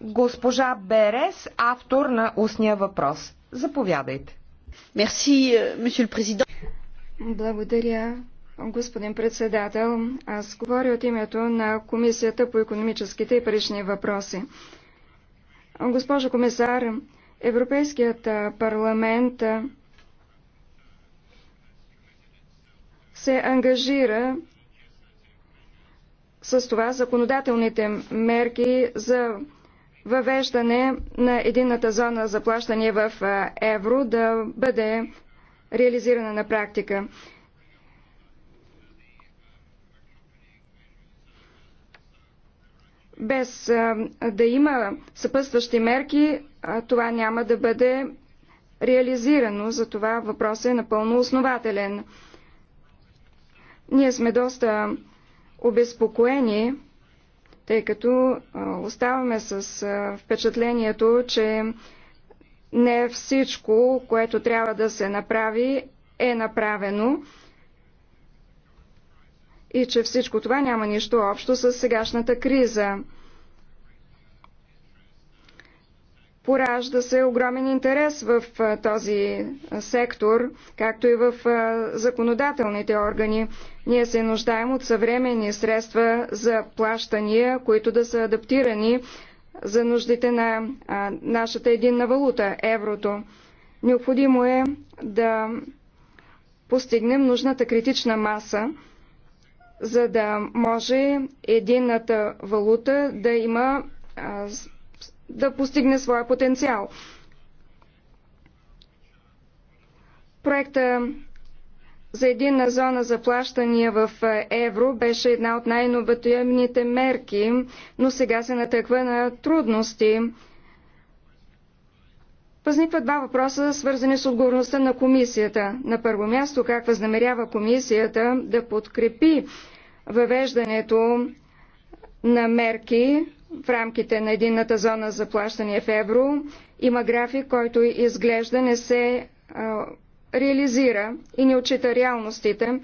госпожа Берес, автор на устния въпрос. Заповядайте. Мерси, месье президент. Благодаря, господин председател. Аз говоря от името на Комисията по економическите и парични въпроси. Госпожо комисар, Европейският парламент се ангажира с това законодателните мерки за въвеждане на единната зона за плащане в евро да бъде реализирана на практика. Без да има съпътстващи мерки, това няма да бъде реализирано, за това въпросът е напълно основателен. Ние сме доста обезпокоени тъй като оставаме с впечатлението, че не всичко, което трябва да се направи, е направено и че всичко това няма нищо общо с сегашната криза. Поражда се огромен интерес в този сектор, както и в законодателните органи. Ние се нуждаем от съвременни средства за плащания, които да са адаптирани за нуждите на нашата единна валута – еврото. Необходимо е да постигнем нужната критична маса, за да може единната валута да има да постигне своя потенциал. Проекта за единна зона за плащания в евро беше една от най-новатоемните мерки, но сега се натъква на трудности. Възникват два въпроса, свързани с отговорността на комисията. На първо място, как възнамерява комисията да подкрепи въвеждането на мерки в рамките на единната зона за плащане в евро. Има график, който изглежда не се а, реализира и не отчита реалностите.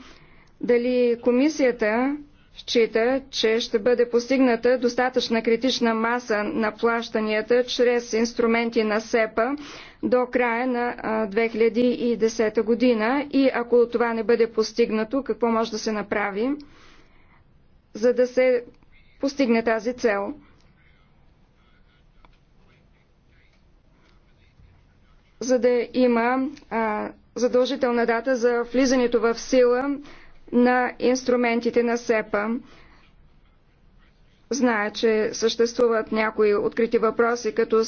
Дали комисията счита, че ще бъде постигната достатъчна критична маса на плащанията чрез инструменти на СЕПА до края на 2010 година и ако това не бъде постигнато, какво може да се направи, за да се постигне тази цел? за да има а, задължителна дата за влизането в сила на инструментите на СЕПА. Зная, че съществуват някои открити въпроси, като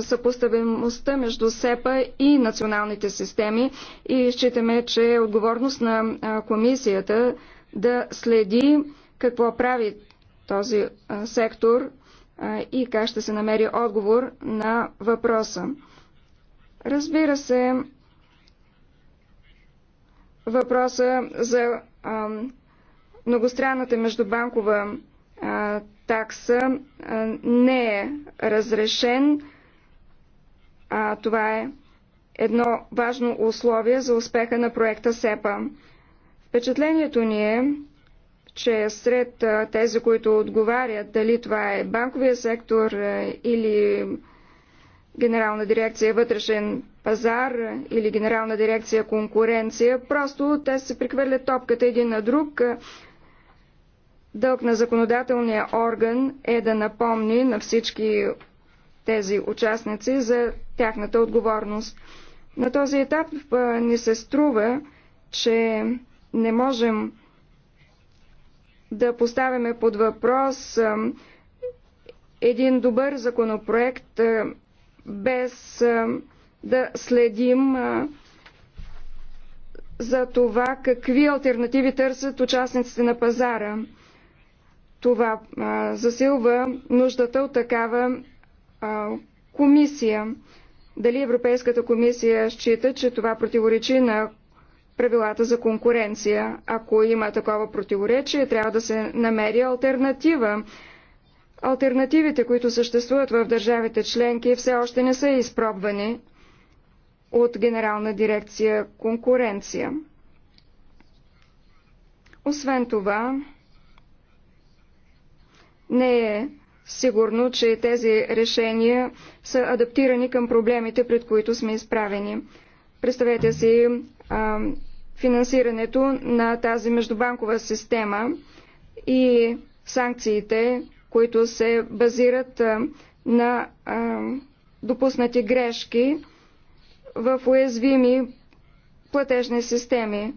съпоставимостта между СЕПА и националните системи и считаме, че е отговорност на комисията да следи какво прави този сектор и как ще се намери отговор на въпроса. Разбира се, въпроса за а, многостранната междубанкова а, такса а, не е разрешен. А, това е едно важно условие за успеха на проекта СЕПА. Впечатлението ни е, че сред тези, които отговарят дали това е банковия сектор или Генерална дирекция вътрешен пазар или Генерална дирекция конкуренция. Просто те се прехвърлят топката един на друг. Дълг на законодателния орган е да напомни на всички тези участници за тяхната отговорност. На този етап ни се струва, че не можем да поставяме под въпрос един добър законопроект без да следим за това какви альтернативи търсят участниците на пазара. Това засилва нуждата от такава комисия. Дали Европейската комисия счита, че това противоречи на правилата за конкуренция? Ако има такова противоречие, трябва да се намери альтернатива. Альтернативите, които съществуват в държавите членки, все още не са изпробвани от Генерална дирекция конкуренция. Освен това, не е сигурно, че тези решения са адаптирани към проблемите, пред които сме изправени. Представете си а, финансирането на тази междубанкова система и санкциите, които се базират на допуснати грешки в уязвими платежни системи.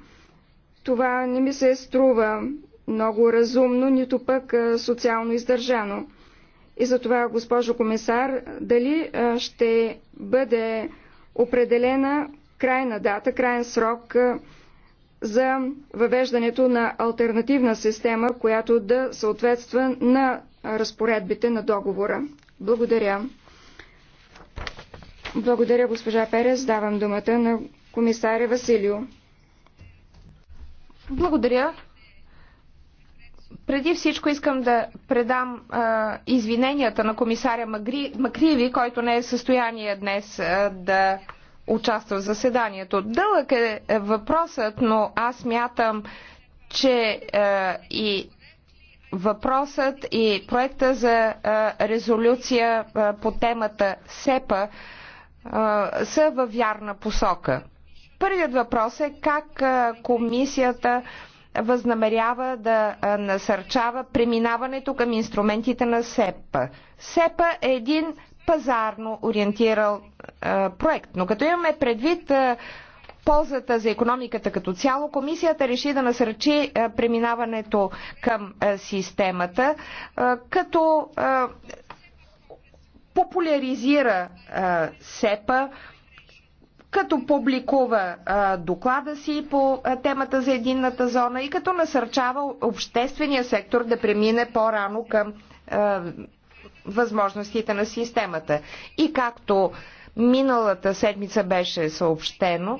Това не ми се струва много разумно, нито пък социално издържано. И затова, госпожо комисар, дали ще бъде определена крайна дата, крайен срок за въвеждането на альтернативна система, която да съответства на разпоредбите на договора. Благодаря. Благодаря, госпожа Перес. Давам думата на комисаря Василио. Благодаря. Преди всичко искам да предам а, извиненията на комисаря Магри, Макриви, който не е в състояние днес а, да участва в заседанието. Дълъг е въпросът, но аз мятам, че а, и въпросът и проекта за резолюция по темата СЕПА са във вярна посока. Първият въпрос е как комисията възнамерява да насърчава преминаването към инструментите на СЕПА. СЕПА е един пазарно ориентирал проект, но като имаме предвид ползата за економиката като цяло, комисията реши да насръчи е, преминаването към е, системата, е, като популяризира СЕПА, като публикува доклада си по темата за единната зона и като насърчава обществения сектор да премине по-рано към възможностите на системата. И както миналата седмица беше съобщено,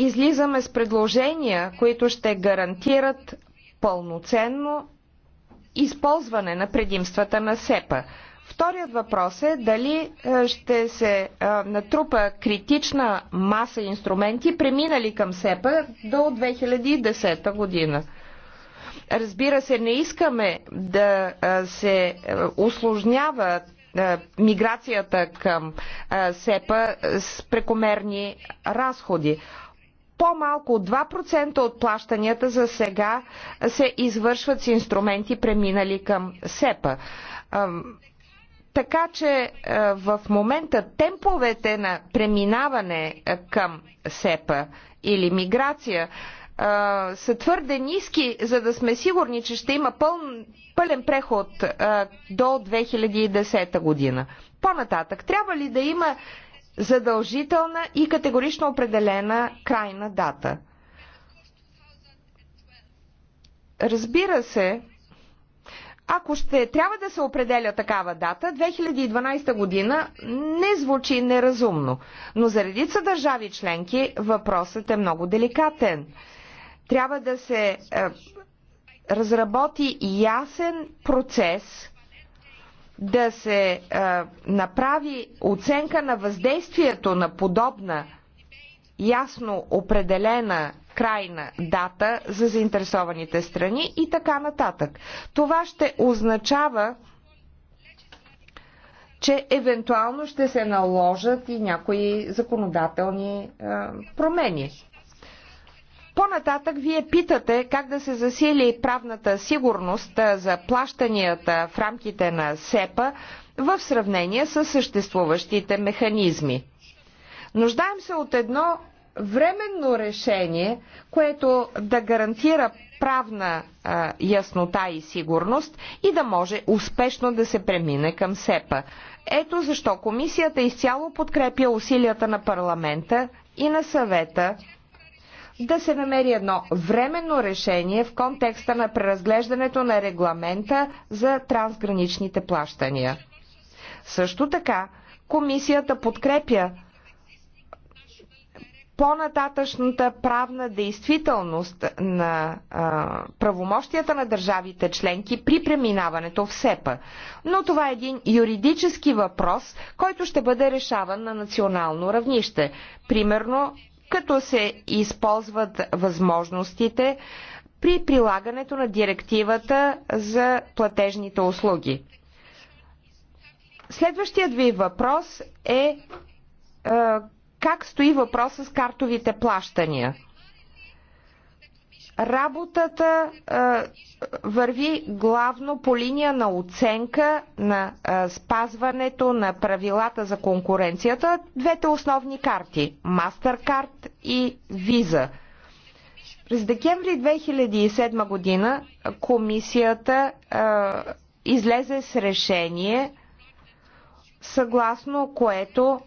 излизаме с предложения, които ще гарантират пълноценно използване на предимствата на СЕПА. Вторият въпрос е дали е, ще се е, натрупа критична маса инструменти, преминали към СЕПА до 2010 година. Разбира се, не искаме да е, се усложнява миграцията към СЕПА с прекомерни разходи по-малко от 2% от плащанията за сега се извършват с инструменти, преминали към СЕПА. Така че е, в момента темповете на преминаване е, към СЕПА или миграция е, са твърде ниски, за да сме сигурни, че ще има пълн, пълен преход до 2010 година. По-нататък, трябва ли да има задължителна и категорично определена крайна дата. Разбира се, ако ще трябва да се определя такава дата, 2012 година не звучи неразумно, но за редица държави членки въпросът е много деликатен. Трябва да се е, разработи ясен процес, да се а, направи оценка на въздействието на подобна ясно определена крайна дата за заинтересованите страни и така нататък. Това ще означава, че евентуално ще се наложат и някои законодателни а, промени. По-нататък вие питате как да се засили правната сигурност за плащанията в рамките на СЕПА в сравнение с съществуващите механизми. Нуждаем се от едно временно решение, което да гарантира правна а, яснота и сигурност и да може успешно да се премине към СЕПА. Ето защо комисията изцяло подкрепя усилията на парламента и на съвета да се намери едно временно решение в контекста на преразглеждането на регламента за трансграничните плащания. Също така, комисията подкрепя по-нататъчната правна действителност на а, правомощията на държавите членки при преминаването в СЕПА. Но това е един юридически въпрос, който ще бъде решаван на национално равнище. Примерно като се използват възможностите при прилагането на директивата за платежните услуги. Следващият ви въпрос е, е как стои въпроса с картовите плащания работата а, върви главно по линия на оценка на а, спазването на правилата за конкуренцията. Двете основни карти Mastercard и Visa. През декември 2007 година комисията а, излезе с решение, съгласно което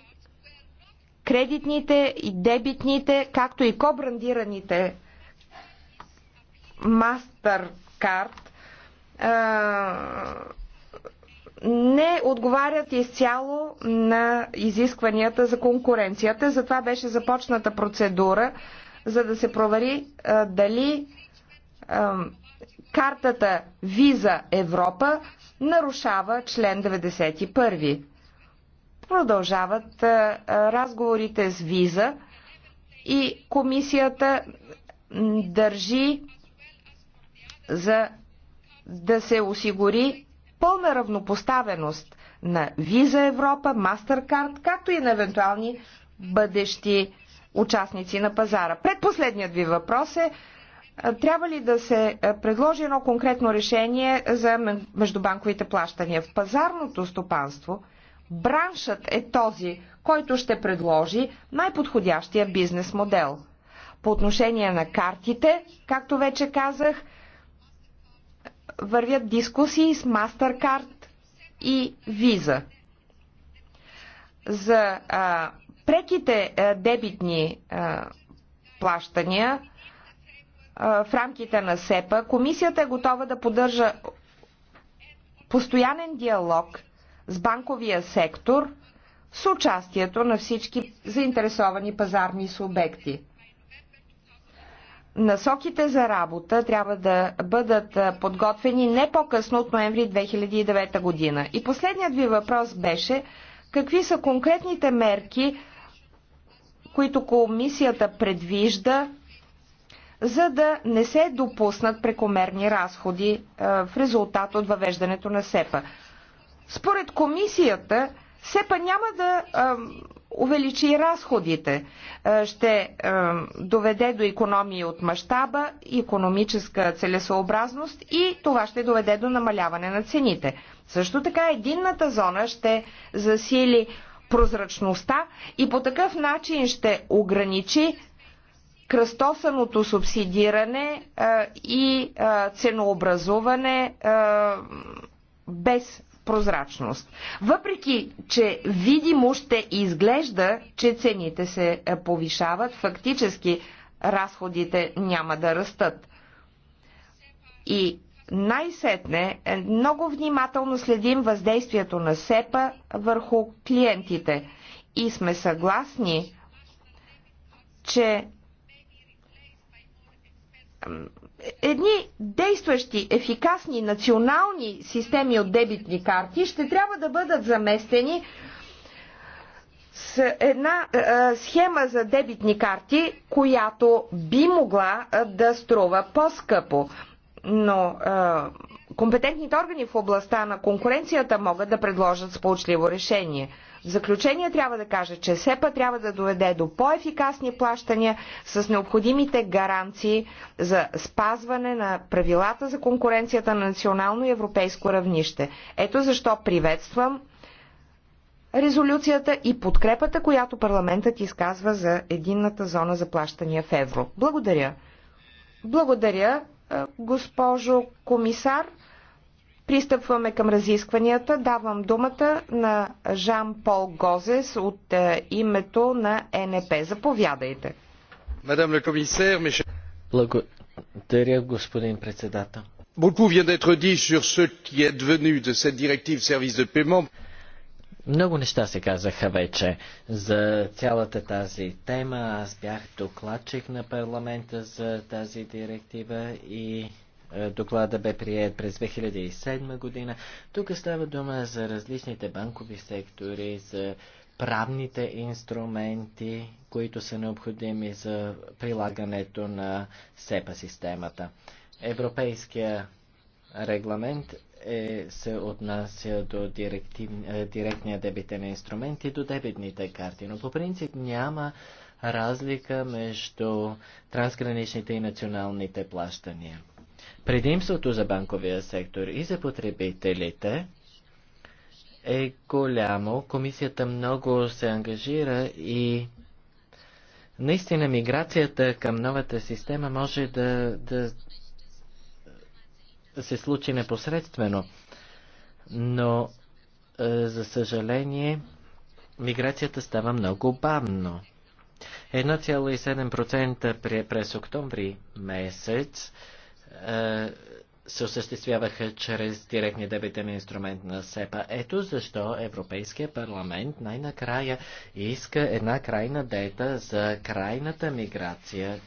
кредитните и дебитните, както и кобрандираните MasterCard не отговарят изцяло на изискванията за конкуренцията. Затова беше започната процедура, за да се провери а, дали а, картата Виза Европа нарушава член 91. Продължават а, разговорите с Виза и комисията държи за да се осигури пълна равнопоставеност на Виза Европа, Mastercard, както и на евентуални бъдещи участници на пазара. Предпоследният ви въпрос е трябва ли да се предложи едно конкретно решение за междубанковите плащания? В пазарното стопанство браншът е този, който ще предложи най-подходящия бизнес модел. По отношение на картите, както вече казах, вървят дискусии с MasterCard и Visa. За а, преките а, дебитни а, плащания а, в рамките на СЕПА, комисията е готова да поддържа постоянен диалог с банковия сектор с участието на всички заинтересовани пазарни субекти. Насоките за работа трябва да бъдат подготвени не по-късно от ноември 2009 година. И последният ви въпрос беше какви са конкретните мерки, които комисията предвижда, за да не се допуснат прекомерни разходи в резултат от въвеждането на СЕПА. Според комисията, СЕПА няма да увеличи разходите, е, ще е, доведе до економии от мащаба, економическа целесообразност и това ще доведе до намаляване на цените. Също така единната зона ще засили прозрачността и по такъв начин ще ограничи кръстосаното субсидиране е, и ценообразуване без прозрачност. Въпреки, че видимо ще изглежда, че цените се е, повишават, фактически разходите няма да растат. И най-сетне е, много внимателно следим въздействието на СЕПА върху клиентите и сме съгласни, че едни действащи, ефикасни национални системи от дебитни карти ще трябва да бъдат заместени с една е, е схема за дебитни карти, която би могла е, да струва по-скъпо. Но е, компетентните органи в областта на конкуренцията могат да предложат сполучливо решение. В заключение трябва да кажа, че СЕПА трябва да доведе до по-ефикасни плащания с необходимите гаранции за спазване на правилата за конкуренцията на национално и европейско равнище. Ето защо приветствам резолюцията и подкрепата, която парламентът изказва за единната зона за плащания в евро. Благодаря. Благодаря, е, госпожо комисар. Пристъпваме към разискванията. Давам думата на Жан-Пол Гозес от е, името на НП. Заповядайте. Мадам комисар, Благодаря, господин председател. Много неща се казаха вече за цялата тази тема. Аз бях докладчик на парламента за тази директива и е, доклада бе прият през 2007 година. Тук става дума за различните банкови сектори, за правните инструменти, които са необходими за прилагането на СЕПА системата. Европейския регламент е, се отнася до директив, е, директния дебитен инструмент и до дебитните карти, но по принцип няма разлика между трансграничните и националните плащания. Предимството за банковия сектор и за потребителите е голямо. Комисията много се ангажира и наистина миграцията към новата система може да, да се случи непосредствено. Но, е, за съжаление, миграцията става много бавно. 1,7% през октомври месец е, се осъществяваха чрез директния дебитен инструмент на СЕПА. Ето защо Европейския парламент най-накрая иска една крайна дета за крайната миграция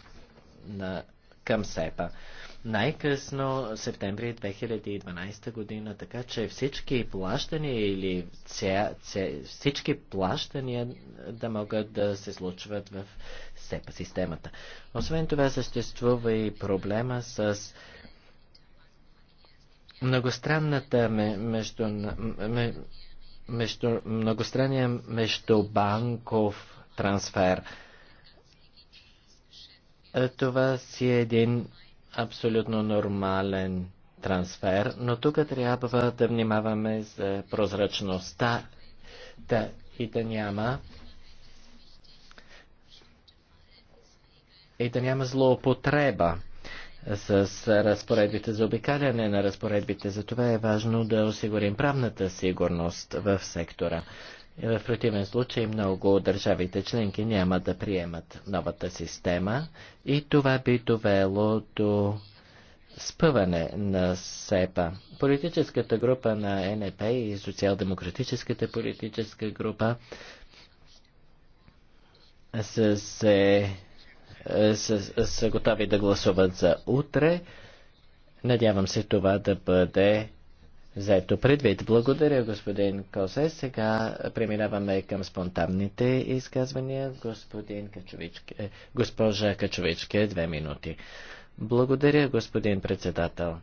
на към СЕПА. Най-късно септември 2012 година, така че всички плащания или ця, ця, всички плащания да могат да се случват в СЕПА системата. Освен това съществува и проблема с многостранната между, между, многостранния междубанков трансфер. Е, това си е един абсолютно нормален трансфер, но тук трябва да внимаваме за прозрачността да, и да няма и да няма злоупотреба с разпоредбите за обикаляне на разпоредбите. Затова е важно да осигурим правната сигурност в сектора. Е, в противен случай много от държавите членки няма да приемат новата система и това би довело до спъване на СЕПА. Политическата група на НП и социал-демократическата политическа група са, се, са, са готови да гласуват за утре. Надявам се това да бъде Заето предвид. Благодаря, господин Косе. Сега преминаваме към спонтанните изказвания. Господин Качовички, е, госпожа Качовичке, две минути. Благодаря, господин председател.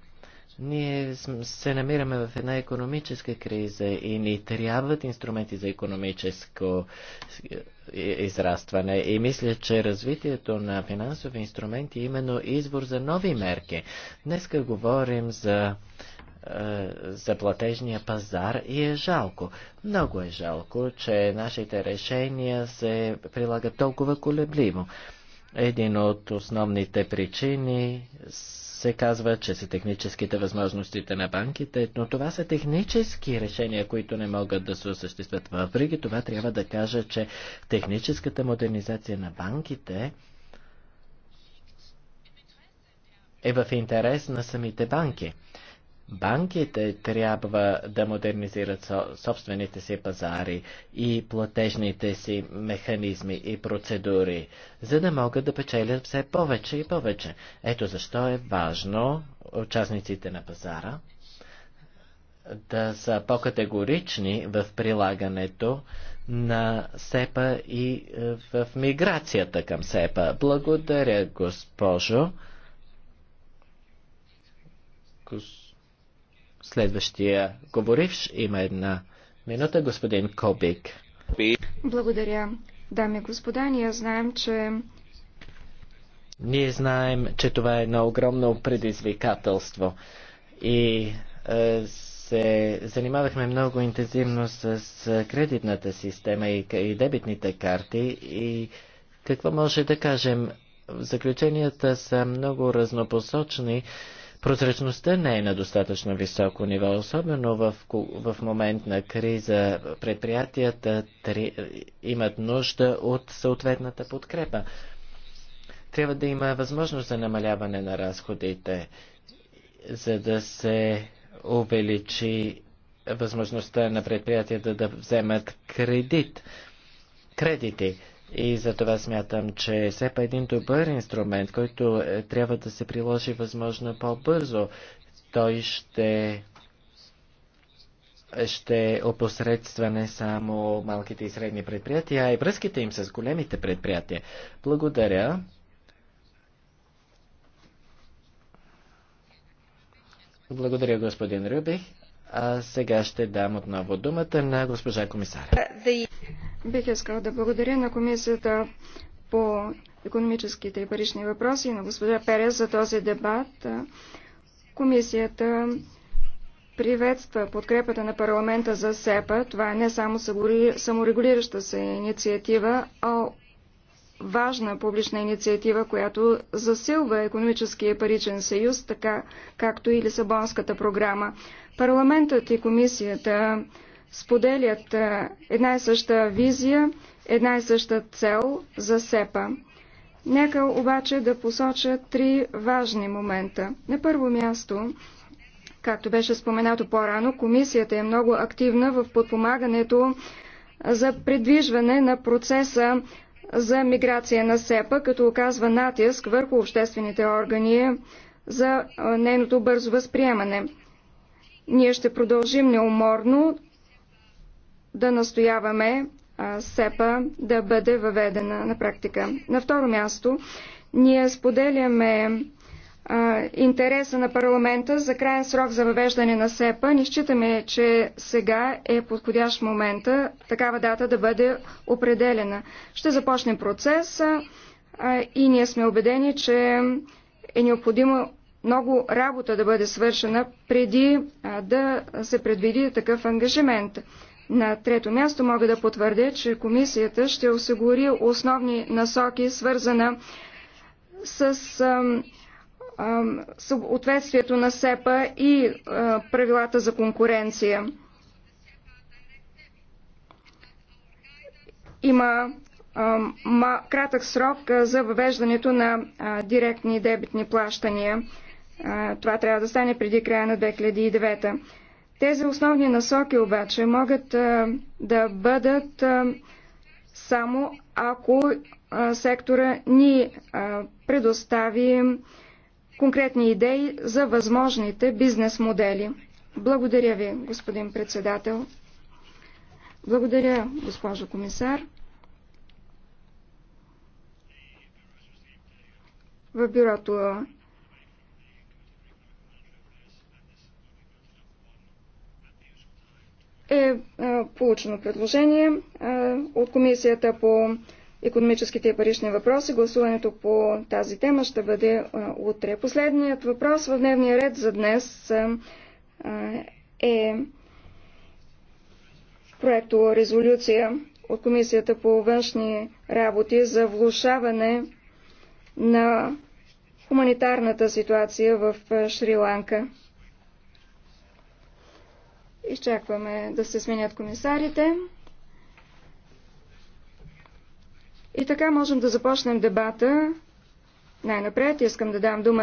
Ние се намираме в една економическа криза и ни трябват инструменти за економическо израстване. И мисля, че развитието на финансови инструменти е именно извор за нови мерки. Днеска говорим за е, за платежния пазар и е жалко. Много е жалко, че нашите решения се прилагат толкова колебливо. Един от основните причини се казва, че са техническите възможностите на банките, но това са технически решения, които не могат да се осъществят. Въпреки това трябва да кажа, че техническата модернизация на банките е в интерес на самите банки банките трябва да модернизират собствените си пазари и платежните си механизми и процедури, за да могат да печелят все повече и повече. Ето защо е важно участниците на пазара да са по-категорични в прилагането на СЕПА и е, в миграцията към СЕПА. Благодаря, госпожо. Следващия говоривш има една минута, господин Кобик. Благодаря. Дами и господа, ние знаем, че ние знаем, че това е едно огромно предизвикателство и е, се занимавахме много интензивно с, с кредитната система и, и дебитните карти и какво може да кажем? Заключенията са много разнопосочни Прозрачността не е на достатъчно високо ниво, особено в, в момент на криза. Предприятията три, имат нужда от съответната подкрепа. Трябва да има възможност за намаляване на разходите, за да се увеличи възможността на предприятията да вземат кредит. Кредити. И за това смятам, че е па един добър инструмент, който е, трябва да се приложи възможно по-бързо. Той ще ще опосредства не само малките и средни предприятия, а и връзките им с големите предприятия. Благодаря. Благодаря, господин Рюбих. А сега ще дам отново думата на госпожа комисаря. Бих искал да благодаря на комисията по економическите и парични въпроси и на господа Перес за този дебат. Комисията приветства подкрепата на парламента за СЕПА. Това е не само саморегулираща се инициатива, а важна публична инициатива, която засилва економическия паричен съюз, така както и Лисабонската програма. Парламентът и комисията споделят е, една и съща визия, една и съща цел за СЕПА. Нека обаче да посоча три важни момента. На първо място, както беше споменато по-рано, комисията е много активна в подпомагането за предвижване на процеса за миграция на СЕПА, като оказва натиск върху обществените органи за е, нейното бързо възприемане. Ние ще продължим неуморно да настояваме СЕПА да бъде въведена на практика. На второ място, ние споделяме интереса на парламента за крайен срок за въвеждане на СЕПА. Ни считаме, че сега е подходящ момента такава дата да бъде определена. Ще започнем процеса и ние сме убедени, че е необходимо много работа да бъде свършена преди да се предвиди такъв ангажимент. На трето място мога да потвърдя, че комисията ще осигури основни насоки, свързана с съответствието на СЕПА и а, правилата за конкуренция. Има а, ма, кратък срок а, за въвеждането на директни дебитни плащания. Това трябва да стане преди края на 2009. Тези основни насоки обаче могат да бъдат само ако сектора ни предостави конкретни идеи за възможните бизнес модели. Благодаря ви, господин председател. Благодаря, госпожо комисар. В бюрото Е, е получено предложение е, от Комисията по економическите и парични въпроси. Гласуването по тази тема ще бъде е, утре. Последният въпрос в дневния ред за днес е проекто резолюция от Комисията по външни работи за влушаване на хуманитарната ситуация в Шри-Ланка. Изчакваме да се сменят комисарите. И така можем да започнем дебата. Най-напред искам да дам дума